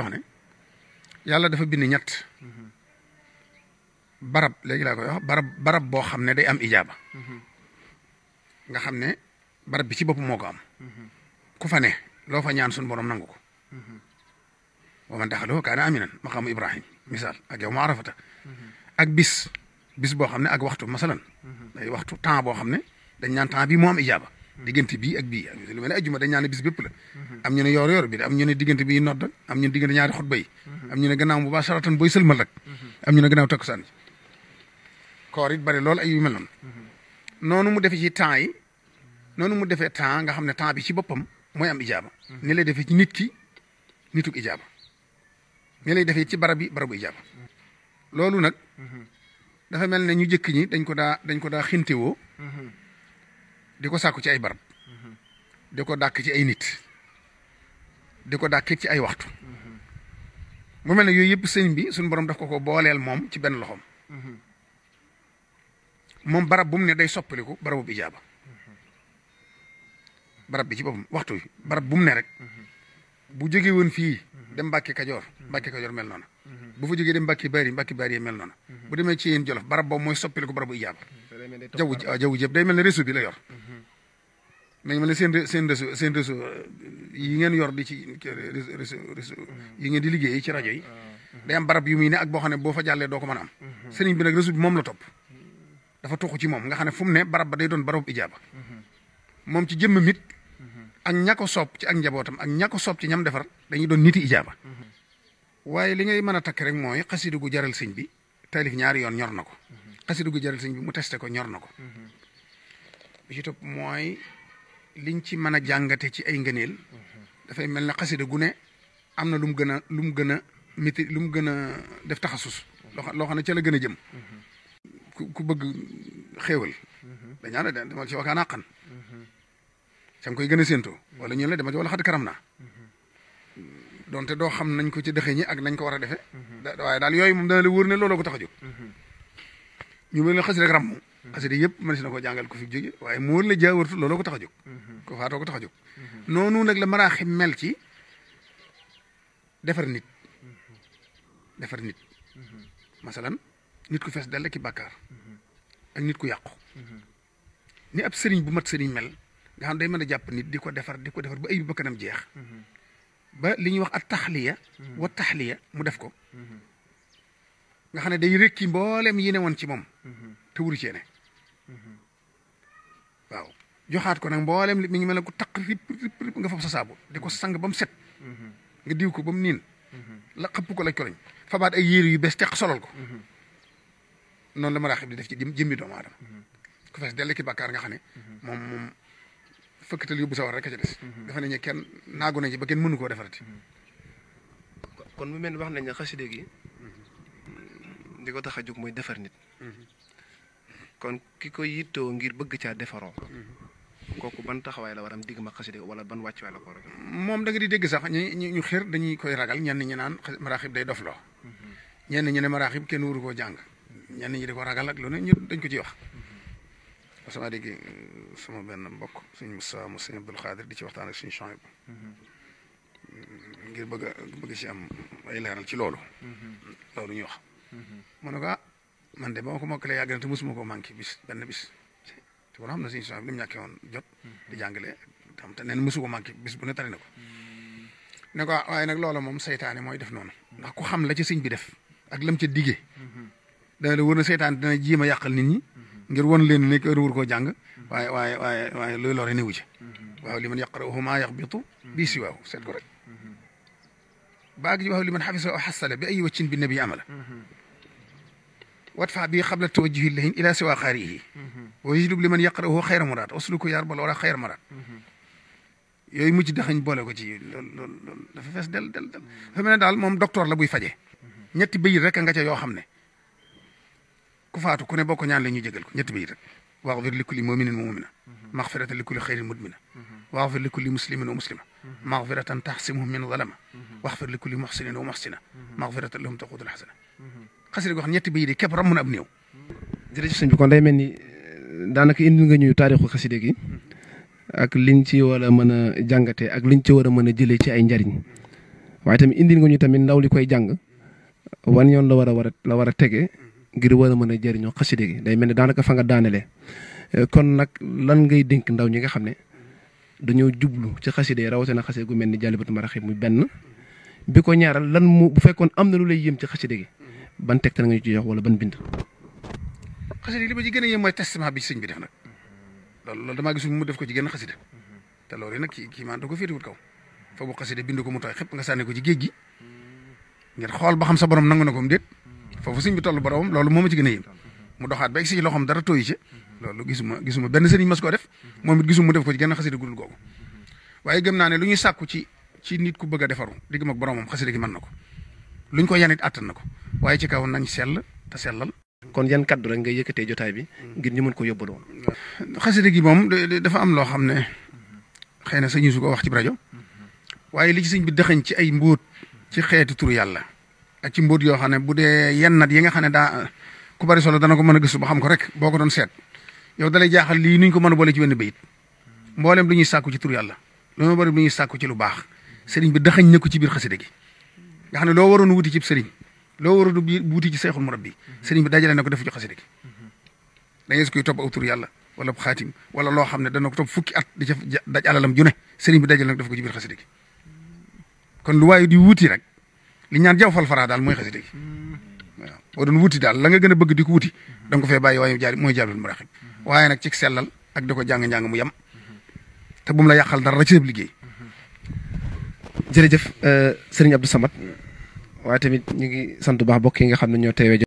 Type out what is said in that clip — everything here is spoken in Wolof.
wax ne yàlla dafa bind ñett barab léegi laa koy wax barab barab boo xam ne day am ijaaba nga xam ne barab bi ci bopp moo ko am ku fa ne loo fa ñaan suñu borom nangu ko wa ma daxaloo kaana aminan maqaamu ibrahim misaal ak yow ma arafata ak bis bis boo xam ne ak waxtu masalan day waxtu temps boo xam ne dañ ñaan temps bi moo am ijaaba Hmm. diggante bii ak bii am ñu lu mel ne ajjuma dañ naan bis bépp la hmm. am ñu ne yoor yoor bi am ñu ne diggante bii nodd am ñu ne diggante ñaari xutba yi hmm. am ñu ne gannaaw bu saratan booy sëlmal am ñu ne gannaaw takkusaan koor it bari loolu ay yu mel noonu noonu mu defee ci temps yi noonu mu defee temps nga xam ne temps bi ci boppam mooy am ijaaba ni lay defee ci nit ki nituk ijaaba ni lay ci barab bi barabu ijaaba loolu nag dafa mel ne ñu jëkk ñi dañ ko daa dañ ko daa xintewoo di ko sàkku ci ay barab mm-hmm. di ko dàkk ci ay nit di ko dàkkit ci ay waxtu mm-hmm. mu mel ne yooyu yëpp sëñ bi suñu borom daf ko ko booleel moom ci benn loxoom mm-hmm. moom barab bu mu ne day soppaliku barabu ijaaba barab bi ci boppam waxtu wi barab bu mu ne rek bu jóge woon fii dem Mbàkke Kajoor Mbàkke Kajoor mel noonu bu fa jógee dem Mbàkke Bari Mbàkke Bari mel noonu bu demee ci yéen Jolof barab boobu mooy soppaliku barabu ijaaba jaww jëpp day mel ne réseau bi la yor nañ ma ne seen seen réseau seen eh, yi ngeen yor di ci réseau réseau yi ngeen di liggéey ci rajo yi ah, ah. day am barab yu muy ne ak boo xam ne boo fa jàllee doo ko man a am mm-hmm. sëriñ bi nag réseau bi moom la topp dafa toxu ci moom nga xam ne fu mu ne barab ba day doon barab ijaaba mm-hmm. moom ci jëmma mit mm-hmm. ak ñakko ko soob ci ak njabootam ak ñakko ko soob ci ñam defar dañuy doon niti ijaaba waaye li ngay mën a takk rek mooy xasida gu jaral sëñ bi taalif ñaari yoon ñor na ko xasida gu jaral sëñ bi mu teste ko ñor na ko bi liñ ci man a jàngate ci ay ngëneel dafay mel na xasida gune am na lu mu gën a lu mu gën a métti lu mu gën a def taxasus loo xam ne ca la gën a jëm ku bëgg xéewal dañaa ne demal ci wakaa naqan ca nga koy gën a séentoo wala ñu la demal ci wala xadd karam naa donte doo xam nañ ko ci dëxe ñi ak nañ ko war a defe waaye daal yooyu moom dana la wóor ne looloo ko tax a jóg ñu mel ne parce xasida yëpp mën si na koo jàngal ko fi jóge waaye mu wër la jaawartu looloo ko tax a jóg mhm. ko faatoo ko tax a jóg mhm. noonu nag la maraaxi mel ci defar nit mhm. defar nit masalan nit ku fees dell ki bàkkaar ak nit ku yàqu ni ab sëriñ bu mat sëriñ mel nga xam day mën a jàpp nit di ko defar di ko defar ba ay bi bakkanam jeex ba li ñuy wax at taxliya wa taxliya mu def ko nga xam ne day rekki mboolem yi ne woon ci moom te wuru cee Mm-hmm. waaw joxaat ko nag mboolem li mi ngi mel ne ku taq rip rip rip nga foofu sa saabu di ko sang ba mu set. Mm-hmm. nga diw ko ba mu niin. Mm-hmm. la xëpp ko lañ ko lañ fabaat ay yére yu bees teq solol ko. noonu la ma raaxib di def ci jëmmi doomu aadama. ku fees dell ki bàkkaar nga xam ne. moom moom fëkkatal yóbbu sa war rek a ca des. dafa ne ñu kenn naagu nañ ci ba kenn mënu koo defarati. kon mu mel wax nañ ne xaside gi. di ko tax a jóg mooy defar nit. kon ki koy yittoo ngir bëgg caa defaroo kooku ban taxawaay la war am digg ma xasida wala ban wàccuwaay la ko war moom da di dégg sax ñu ñu xër dañuy koy ragal ñenn ñi naan maraaxib day dofloo ñenn ñi ne maraaxib kenn waru koo jàng ñenn ñi di ko ragal ak lu ne ñu dañ ko ci wax parce que euh, benn mbokk suñu Moussa Moussa Abdoul Khadir di ci waxtaan ak suñu champ ngir bëgg a si am ay leeral ci loolu mm-hmm. loolu mm-hmm. ne ko ah man de ba ma ko mokkalee yàgg na te mosuma ko manqué bis benn bis te kon na suñu soxna bi ni woon jot. di jàngale te neen mosu ko manqué bis bu ne tari na ko. Hmm. ne ko ah, waaye nag loola moom seytaane mooy def noonu. ndax ku xam la ci sëñ bi def. ak lam ca diggee. Hmm. dana la wër na seytaane dana jiima yàqal ni ñi. Hmm. ngir won leen nekk heure wur koo jàng. waaye waaye waaye waaye luy lore newu ci. waaw li man yaqra'uhu maa yaxbitu bii si waaw seet ko rek. baag ji waaw li man xafisa aw xasala bi ay waccin bi nabi amala wadfa bi xabla tawjihi lahin ila siwa xaarihi mm-hmm. wa yujlub liman yaqra'uhu xayra muraad asluku yar bal wala xayra muraad mm-hmm. yooyu mujj daxañ boole ko ci loolu loolu dafa fees del del del dafa mel ne daal moom docteur la buy faje mm-hmm. ñetti bayit rek nga ca yoo xam ne ku faatu ku ne boo ko ñaan la ñu jégal ko ñetti bayit rek waxfir li kulli muminin wa mumina maxfiratan li kulli xayrin mudmina waxfir li kulli muslimin wa muslima maxfiratan taxsimuhum min zalama waxfir li kulli muxsinin wa muxsina maxfiratan lahum taquudul xasana xasida goo xam ñetti bayit yi képp ram mën a ab néew jërëjëf kon day mel ni eh, daanaka indi nga ñu taarixu xasida gi ak liñ ci war a mën a jàngatee ak liñ ci war a mën a jëlee ci ay njariñ waaye tamit indi nga ñu tamit ndaw li koy jàng wan yoon la war a war a la war a tege ngir war a mën a jëriñoo xasida gi day mel ni daanaka fa nga daanelee eh, kon nag lan ngay dénk ndaw ñi nga xam ne dañoo jublu ci xasida yi na xasida gu mel ni jàllibatu maraxib muy benn bi ko ñaaral lan mu bu fekkoon am na lu lay yëm ci xasida gi ban tegtal nga ñu ci jox wala ban bind. xasida ma ci gën a yéem mooy testament bi sëñ bi def nag loolu loolu damaa gisul mu def ko ci gën a xasida te loolu nag kii kii maanaam da ko féetewut kaw fa bu bind ko mu tooy xëpp nga sànni ko ci géej gi ngir xool ba xam sa borom nangu na ko mu déet foofu sëñ bi toll boromam loolu moo ma ci gën a yéem mu doxaat ba i si loxoom dara tooy ci loolu gisuma gisuma benn sëriñ mas koo def moom it gisuma mu def ko ci genn a xasida gudul googu waaye gëm naa ne lu ñuy sàkku ci ci nit ku bëgg a defaru diggam ak boromam xasida gi man na ko luñ ko yanit àttan na ko waaye ci kaw nañ sell te sellal. kon yan kaddu rek ngay yëkkatee jotaay bi. ngir ñu mën ko yóbbaloo. xasida gi moom dafa am loo xam ne xëy na sañu su ko wax ci rajo waaye li ci sëñ bi dëxañ ci ay mbóot ci xeeti turu yàlla ak ci mbóot yoo xam ne bu dee yenn nat yi nga xam ne daa ku bari solo dana ko mën a gëstu ba xam ko rek boo ko doon seet yow dalay jaaxal lii nuñ ko mën a boole ci benn bayit mboolem lu ñuy sàkku ci turu yàlla loolu bari lu ñuy sàkku ci lu baax sëriñ bi dëxañ na ko ci biir xasida gi nga xam ne loo waroon wuti cib sëriñ loo war a dugg wuti ci seexul murabbi bi dajale na ko def ci xasida gi da ngay koy topp aw tur yàlla wala xaatim wala loo xam ne dana ko fukki at di ca daj alalam ju ne sëriñ bi dajale na ko def ko ci kon lu waaye di wuti rek li ñaan jaw fal faraa daal mooy xasida gi waaw boo doon wuti daal la nga gën a bëgg di ko wuti da nga ko fee bàyyi mooy jaarul muraxib waaye nag ci sellal ak da ko jàng-njàng mu yem te bu la yàqal dara ci sab liggéey jërëjëf euh, Serigne Abdou Samad waaye tamit ñu ngi sant bu baax mbokk yi nga xam ne ñoo teewee